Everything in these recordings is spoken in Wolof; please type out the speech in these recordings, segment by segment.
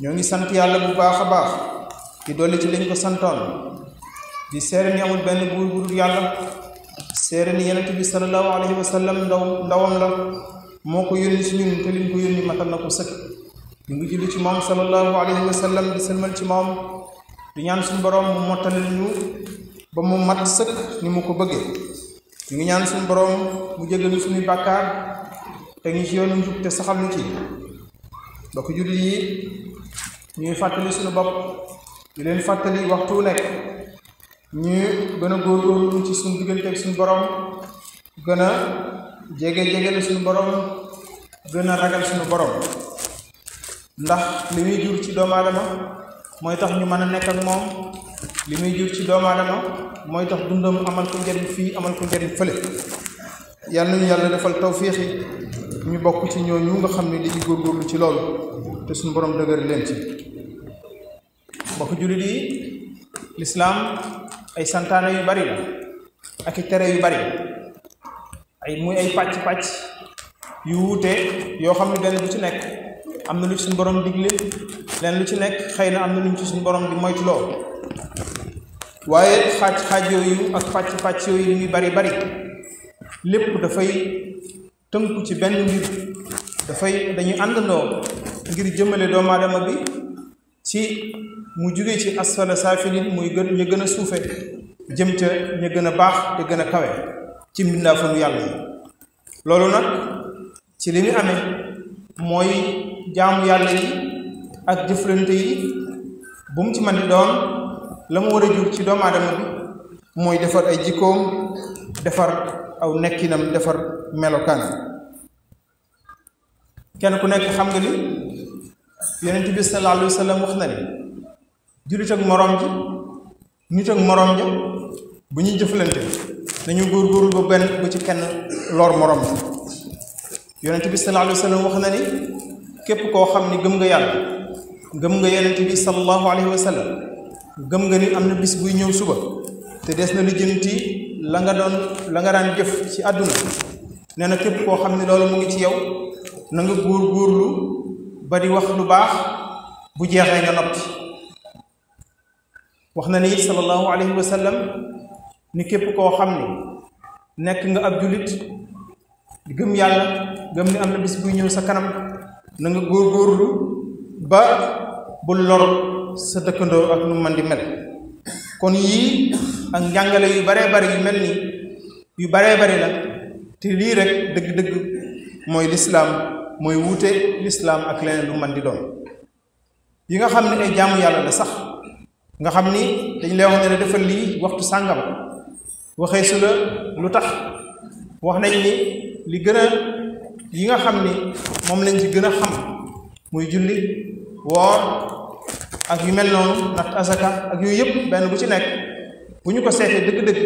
ñoo ngi sant yàlla bu baax a baax di dolli ci liñ ko santoon di seere ni amul benn buur bu dul yàlla seere ni yonent bi sallallahu alayhi wa sallam ndaw ndawam la moo ko yónni si ñun te liñ ko yónni matal na ko sëkk ñu ngi julli ci moom sallallahu alayhi wa sallam di sëlmal ci moom di ñaan suñu borom mu mottali ñu ba mu mat sëkk ni mu ko bëggee ñu ngi ñaan suñu borom mu jéggal ñu suñuy bàkkaar te ñu ci yoonu njub te saxal ñu ci mbokk julli yi ñuy fàttali suñu bopp di leen fàttali waxtu nekk ñu gën a góorgóorlu ci suñu digganteeg suñu borom gën a jege jegele suñu borom gën a ragal suñu borom ndax li muy jur ci doomu aadama mooy tax ñu mën a nekk ak moom li muy jur ci doomu aadama mooy tax dundam amal ko njëriñ fii amal ko njëriñ fële yàlla nañu yàlla defal tawfiix ñu bokk ci ñooñu nga xam ne dañuy góorgóorlu ci loolu te suñu borom dëgër leen ci mbokk jullit yi lislaam ay santaane yu bari la ak tere yu bari ay muy ay pàcc-pàcc yu wuute yoo xam ne benn lu ci nekk am na lu ci suñu borom digle leen lu ci nekk xëy na am na lu ci suñu borom di moytu loo waaye xaaj-xaaj yooyu ak pàcc-pàcc yooyu li bari bari lépp dafay tënku ci benn mbir dafay dañuy àndandoo ngir jëmale doomu bi ci mu jugee ci asfala saafilin muy gën ñu gën a suufe jëm ca ñu gën a baax te gën a kawe ci mbindaafanu yàlla yi loolu nag ci li ñu amee mooy jaamu yàlla yi ak jëflante yi bu mu ci man di doon la mu war a jug ci doomu aadama bi mooy defar ay jikkoom defar aw nekkinam defar melokaanam kenn ku nekk xam nga ni yonent bi sallallahu alayhi wa wax na ni jullit ak moroom ji nit ak moroom ji bu ñuy jëflante dañu góorgóorlu ba benn bu ci kenn lor moroom ji yonent bi sallallahu alayhi wa wax na ni képp koo xam ni gëm nga yàlla gëm nga yonent bi sallallahu alayhi wa sallam nga ni am na bis buy ñëw suba te des na lijjanti la nga doon la nga daan jëf ci àdduna nee na képp koo xam ne loolu mu ngi ci yow na nga góorgóorlu ba wax lu baax bu jeexee nga noppi wax na ni it sallallahu alayhi wa sallam ni képp koo xam nekk nga ab jullit gëm yàlla gëm ni am na bis buy ñëw sa kanam na góor góorgóorlu ba bu lor sa dëkkandoo ak nu man di mel kon yii ak njàngale yu baree bari yu mel ni yu baree bari la te lii rek dëgg-dëgg mooy lislaam mooy wuute lislaam ak leneen lu man di doon yi nga xam ne ay jaamu yàlla la sax nga xam ni dañ lay wax ne defal lii waxtu sàngam waxee su la lu tax wax nañ ni li gën yi nga xam ni moom lañ ci gën a xam muy julli woor ak yu mel noonu natt asaka ak yooyu yëpp benn bu ci nekk bu ñu ko seetee dëgg-dëgg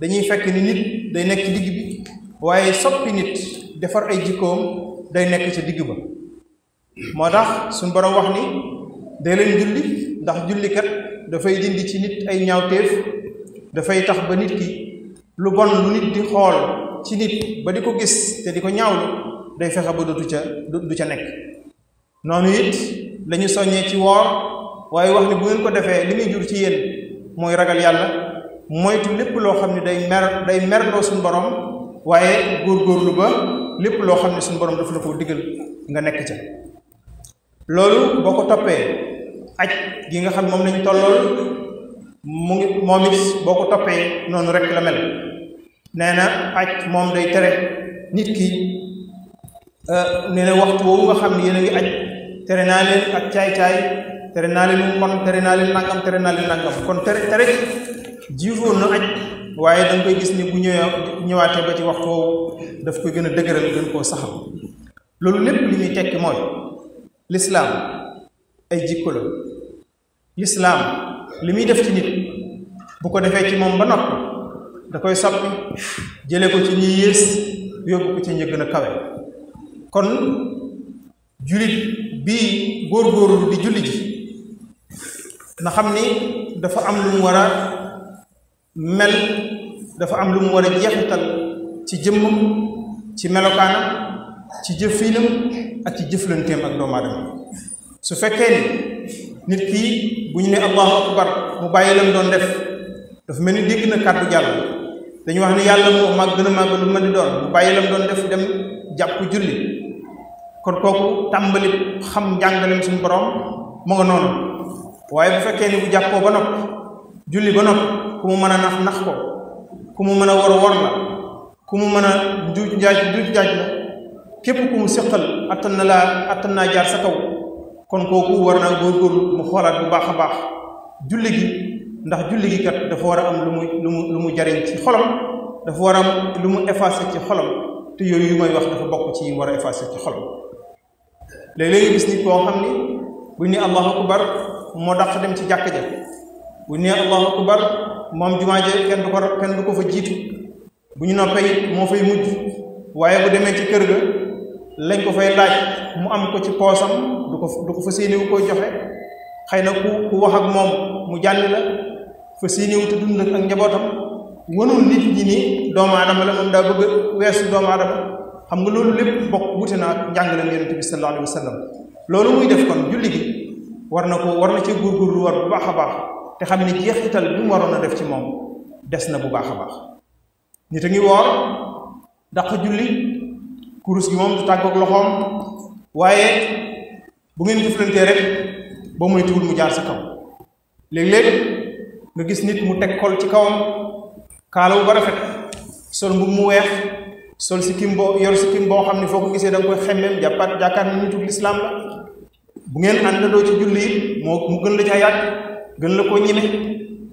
dañuy fekk ni nit day nekk digg bi waaye soppi nit defar ay jikkoom day nekk ci digg ba moo tax suñ borom wax ni day leen julli ndax julli kat dafay dindi ci nit ay ñaawteef dafay tax ba nit ki lu bon lu nit di xool ci nit ba di ko gis te di ko ñaawlu day fexe ba dootu ca du ca nekk noonu it lañu soññee ci woor waaye wax ni bu ngeen ko defee li muy jur ci yéen mooy ragal yàlla moytu lépp loo xam ne day mer day merloo suñ borom waaye góorgóorlu ba lépp loo xam ne suñu borom dafa la ko digal nga nekk ca loolu boo ko toppee aj gi nga xam moom lañ tollool mu ngi moom it boo ko toppee noonu rek la mel nee na aj moom day tere nit ki euh, nee na waxtu woowu nga xam ne yéen a ngi aj tere naa leen ak caay-caay tere naa leen mon tere naa leen nangam tere naa leen nangam kon tere tere jiifoon na aj waaye da koy gis ni bu ñëwee ñëwaatee ba ci waxtu woowu daf koy gën a dëgëral gën koo saxal loolu lépp li muy tekki mooy lislaam ay jikko la lislaam li muy def ci nit bu ko defee ci moom ba nopp da koy soppi jële ko ci ñi yées yóbbu ko ci ñi gën a kawe kon jullit bi góor-góorlu di julli ji na xam ni dafa am lu mu war mel dafa am lu mu war a jeexital ci jëmmam ci melokaanam ci jëfiinam ak ci jëflanteem ak doomu aadama su fekkee ni nit kii bu ñu ne allahu akbar mu bàyyi lam doon def dafa mel ni dégg na kàddu jàll dañu wax ne yàlla moo mag gën a màgg lu ma di doon mu bàyyi lam doon def dem jàpp julli kon kooku tàmbali xam njàngaleem suñu borom mu nga noonu waaye bu fekkee ni bu jàppoo ba nopp julli ba nopp kumu mu mën a nax nax ko kumu mu mën a war war la kumu mu mën a njuuj njaaj njuuj njaaj la képp ku mu séqal attan na jaar sa kaw kon koku war naa góorgóorlu mu xoolaat bu baax a baax julli gi ndax julli gi kat dafa war am lu mu lu mu lu mu jariñ ci xolam dafa war am lu mu effacé ci xolam te yooyu yu may wax dafa bokk ci war a effacé ci xolam léeg-léeg gis nit koo xam ni bu ñu ne allahu akbar moo dàq dem ci jàkk ja bu ñu allahu akbar moom jumaa je kenn du ko kenn du ko fa jiitu bu ñu noppee moo fay mujj waaye bu demee ci kër ga lañ ko fay laaj mu am ko ci poosam du ko du ko fa séenéwu ko joxe xëy na ku ku wax ak moom mu jàll la fa séenéwu te dund ak njabootam wanul nit ñi ni doomu aadama la moom daa bëgg weesu doomu aadama xam nga loolu lépp bokk wute naa njàngale yonent bi sallallahu alayhi wa loolu muy def kon julli gi war na ko war na ci góorgóorlu war bu baax a baax te xamni jeexital bu mu a def ci mom des na bu baax baax nit ngi julli kurus gi mom du tàggoog loxom waye bu ngeen jëflantee rek bo moy tuul mu jaar sa kaw leg leg nga gis nit mu tek kol ci kawam kaalawu ba rafet sol mbub mu wex sol sikkim bo, yor sikim bo xam ne foo gisee dang koy xemem jappat jakar ni nitu lislaam la bu ngeen ci julli mo mu gën la ci yaak gën la koo ñime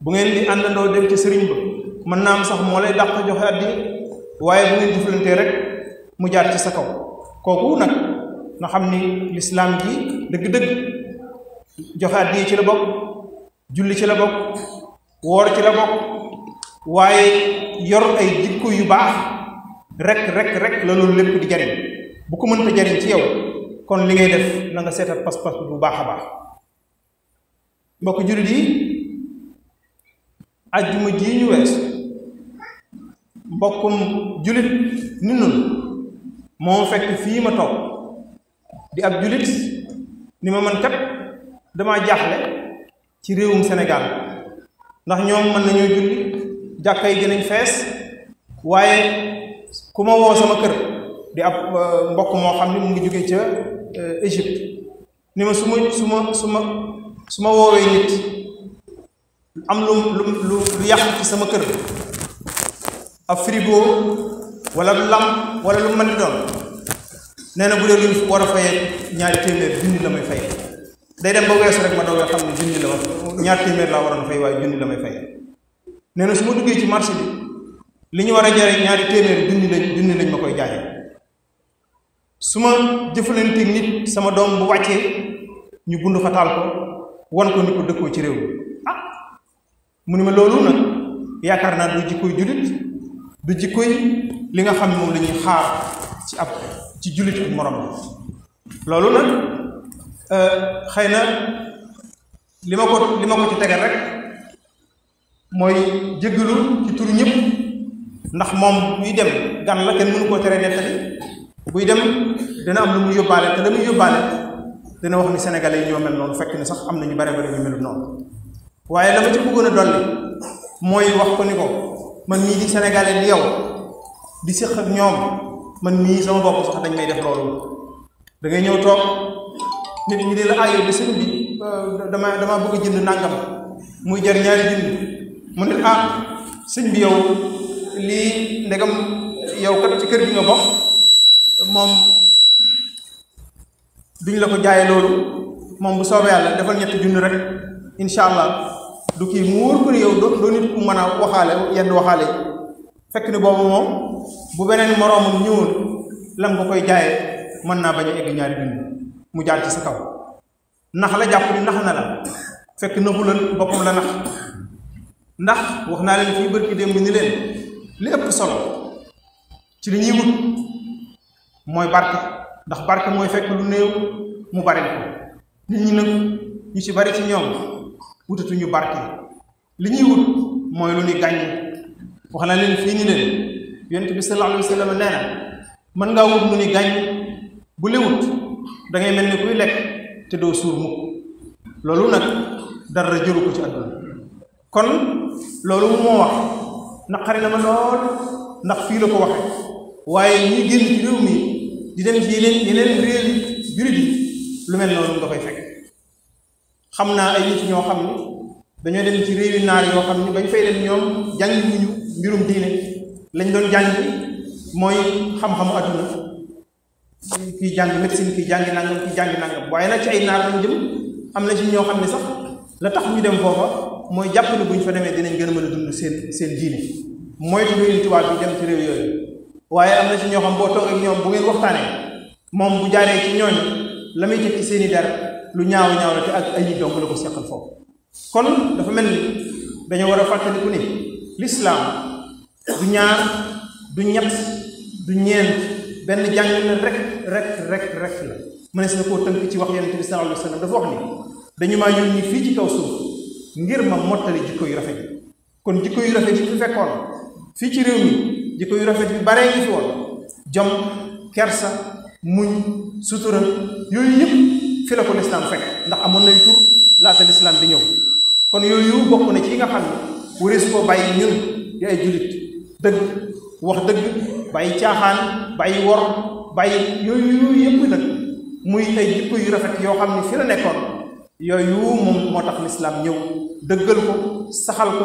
bu ngeen di àndandoo dem ci sëriñ ba mën naa am sax moo lay dàq joxe addi waaye bu ngeen jëflantee rek mu jaar ci sa kaw kooku nag nga xam ni lislaam gi dëgg-dëgg joxe addi ci la bokk julli ci la bokk woor ci la bokk waaye yor ay jikko yu baax rek rek rek la loolu lépp di jariñ bu ko mën mënta jariñ ci yow kon li ngay def na nga seetal pas-pas bu baax a baax mbokk julit yi aljuma ji ñu wess mbokkum julit ni mo fekk fi ma di ab julit ni ma man kat dama jaaxle ci rewum Sénégal ndax ñom man nañu julli jakkay gi nañ fess kuma wo sama kër di ab euh, mbokk mo xamni Egypt. mu ngi jóge ci euh, Égypte ni ma suma suma suma su ma woowee nit am lu lu lu lu ci sama kër ab frigo wala lu lam wala lu mën di doon nee na bu dee lu war a fayee ñaari téeméer junni la may fay day dem ba weesu rek ma doog a xam ne junni la ma ñaari téeméer na su ma duggee ci marché bi li ñu war a jaree ñaari téeméer junni lañ junni lañ ma koy jaayee su ma jëfalanteeg nit sama doom bu wàccee ñu bund fa taal ko wan ko ni ko dëkkoo ci réew mi ah mu ne ma loolu nag yaakaar naa du jikkoy jullit du jikkoy li nga xam ne moom lañuy ñuy xaar ci ab ci jullit ak morom loolu nag euh, xëy na li ma ko li ma ko ci tegal rek mooy jéggalu ci turu ñëpp ndax moom buy dem gan la kenn mënu koo tere nettali buy dem dina am lu mu yóbbaale te la muy yóbbaale dina wax ni sénégalais yi ñoo noonu fekk ni sax am na ñu bare bare ñu melut noonu waaye dama ma ci dolli mooy wax ko ni ko man mii di ñoom man mii sama bopp sax dañ may def loolu da ngay ñëw toog nit ñi di la aayoo di sëñ bi euh, dama dama bëgg a jënd nàngam muy jar ñaari jënd mu ne ah sëñ bi yow lii ndegam yow kat ci kër gi nga bokk moom duñ la ko jaay loolu moom bu soobee yàlla defal ñetti junni rek incha allah du kii mu wóor ko ne yow doo nit ku mën a waxaale yenn waxaale fekk ni boobu moom bu beneen moroomam ñëwoon lan nga koy jaayee mën naa bañ a egg ñaari junni mu jaar ci sa kaw nax la jàpp ni nax na la fekk naxu la boppam la nax ndax wax naa leen fii bërki démb ni leen li ëpp solo ci li ñuy wut mooy barke ndax barke mooy fekk lu néew mu bari ko nit ñi nag ñu ci bari ci ñoom wutatu ñu barke li ñuy wut mooy lu ni gàññi wax na leen fii ni leen yent bi sallallahu alayhi wa sallam nee na mën ngaa wut mu ni gàññi bu wut da ngay mel ni kuy lekk te doo suur mukk loolu nag dara jëru ko ci àdduna kon loolu moo wax naqari na ma lool ndax fii la ko waxe waaye ñi génn ci réew mi di dem ci yeneen yeneen réew jurit yi lu mel noonu nga koy fekk xam naa ay nit ñoo xam ne dañoo dem ci réewi naar yoo xam ne bañ fay dem ñoom jàng ñu mbirum diine lañ doon jàng mooy xam-xamu adduna kiy jàng médecine kiy jàng nangam kiy jàng nangam waaye nag ci ay naar lañ jëm am na ci ñoo xam ne sax la tax ñu dem foofa mooy jàpp ne buñ fa demee dinañ gën a mën a dund seen seen diine mooy te luy tubaab bi dem ci réew yooyu waye amna ci ñoo xam bo tok ak ñoom bu ngeen waxtane mom bu jaare ci ñooñu la muy ci seeni der lu ñaaw ñaaw la te ak ay dong la ko sekkal fofu kon dafa melni dañu wara fatali a ne l'islam du ñaar du ñet du ñeen ben jang na rek rek rek rek la mané sa ko teunk ci wax yonente bi sallallahu alayhi wasallam dafa wax ni dañu maa yónni fi ci kaw suuf ngir ma motali jikko yu rafet kon jikko yu rafet yi fi ci rew mi jikko yu rafet bi bare yi fi jom kersa muñ sutura yooyu ñep fi la ko l'islam fek ndax amoon nay la ta l'islam di ñew kon yu bokku na ci nga xam wu res ko bàyyi ñun ya ay julit deug wax deug bàyyi chaahan bàyyi wor bàyyi yooyu yu yep nak muy tay jikko yu rafet yo xamni fi la nekkon yooyu yu moo tax l'islam ñew deugal ko saxal ko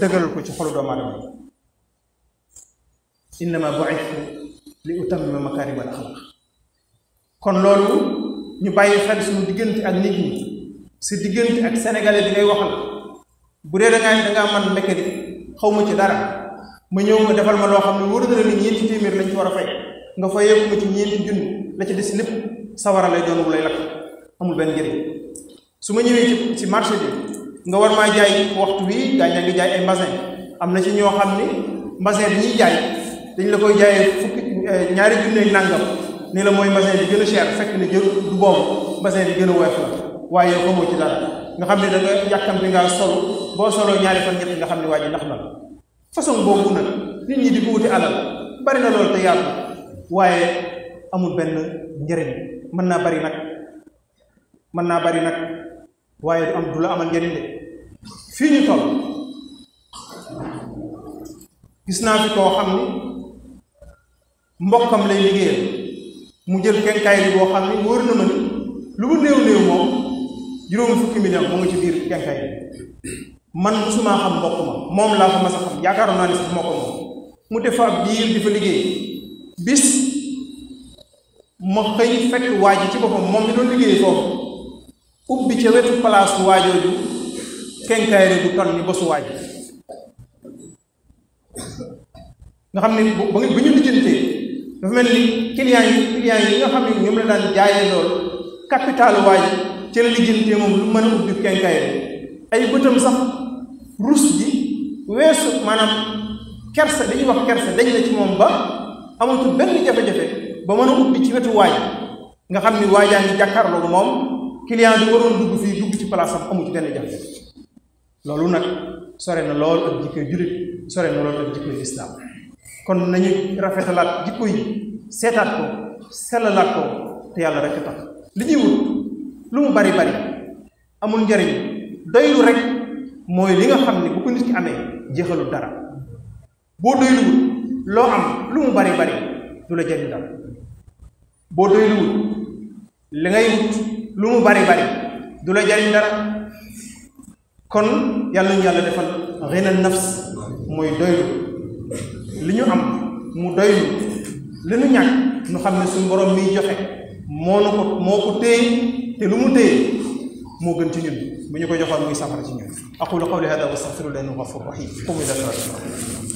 deugal ko ci xolu do aadama innama bu'ithu li utammima makarim al akhlaq kon lolu ñu bayyi xel suñu diggante ak nit ñi si diggante ak sénégalais bi ngay waxal bu dé da nga da nga man ndekk di xaw ci dara ma ñëw nga defal ma lo xamni wuro dara nit la ni témir lañ ci wara fay nga fay yëpp ma ci ñeenti jund la ci des lépp sawara lay doon wu lay lak amul ben njëriñ suma ñëwé ci ci marché bi nga war ma jaay waxtu wi gañ nga jaay ay mbasin amna ci ño xamni ni bi ñi jaay dañ la koy jaayee fukki eh, ñaari junne nangam ni la mooy mbasin bi gën a cher fekk ne jël du boobu mbasin bi gën a woyof la waaye yow xamoo nga xam ne da nga yàkkam bi ngaa solo boo soloo ñaari fan ñett nga xam ne waa ji ndax la façon boobu nag nit ñi di ko wuti alal bari na loolu te yaatu waaye amul benn njëriñ mën naa bari nag mën naa bari nag waaye du am du la amal njëriñ de fii ñu toll gis naa fi koo xam ni mbokkam lay liggéeyal mu jël kenkaay bi boo xam ne wóor na ma lu mu néew néew moom juróomi fukki million mu ngi ci biir kenkaay bi man mosumaa xam mbokk ma moom laa ko mas xam yaakaaroon naa ni sax moo ko moom mu def fa ab diir di liggéey bis ma xëy fekk waa ji ci boppam moom mi doon liggéey foofu ubbi ca wetu place waajooju kenkaay rek du toll ni bosu waaj nga xam ne ba ñu lijjantee dafa mel ni client yi client yi nga xam ne ñoom la daan jaayee loolu capital waay ci la lijjantee moom lu mën a ubbi kenkaay ay bëtam sax rus ji weesu maanaam kersa dañuy wax kersa dañ na ci moom ba amatul benn jafe-jafe ba mën a ubbi ci wetu waay nga xam ni waajaa ngi jàkkaarloo moom client bi waroon dugg fii dugg ci place am amu ci benn jafe loolu nag sore na lool ak jikko jullit sore lool ak jikko lislaam kon nañu rafetalat jikko yi setat ko selalat ko te yalla rek tax li wut lu mu bari bari amul njariñ doylu rek moy li nga xamni bu ko nit ki amé jeexalu dara boo doyluwut lo am lu mu bari bari du la jëndal bo doylu li ngay wut lu mu bari bari du la jëriñ dara kon yalla ñu yalla defal ghina nafs moy doylu li ñu am mu doy li ñu ñàkk ñu xam ne suñu borom mi joxe moo nu ko moo ko téye te lu mu téye moo gën ci ñun bu ñu ko joxoon muy safara ci ñun aqulu qawli hada wa astaghfirullahi wa huwa al-ghafur rahim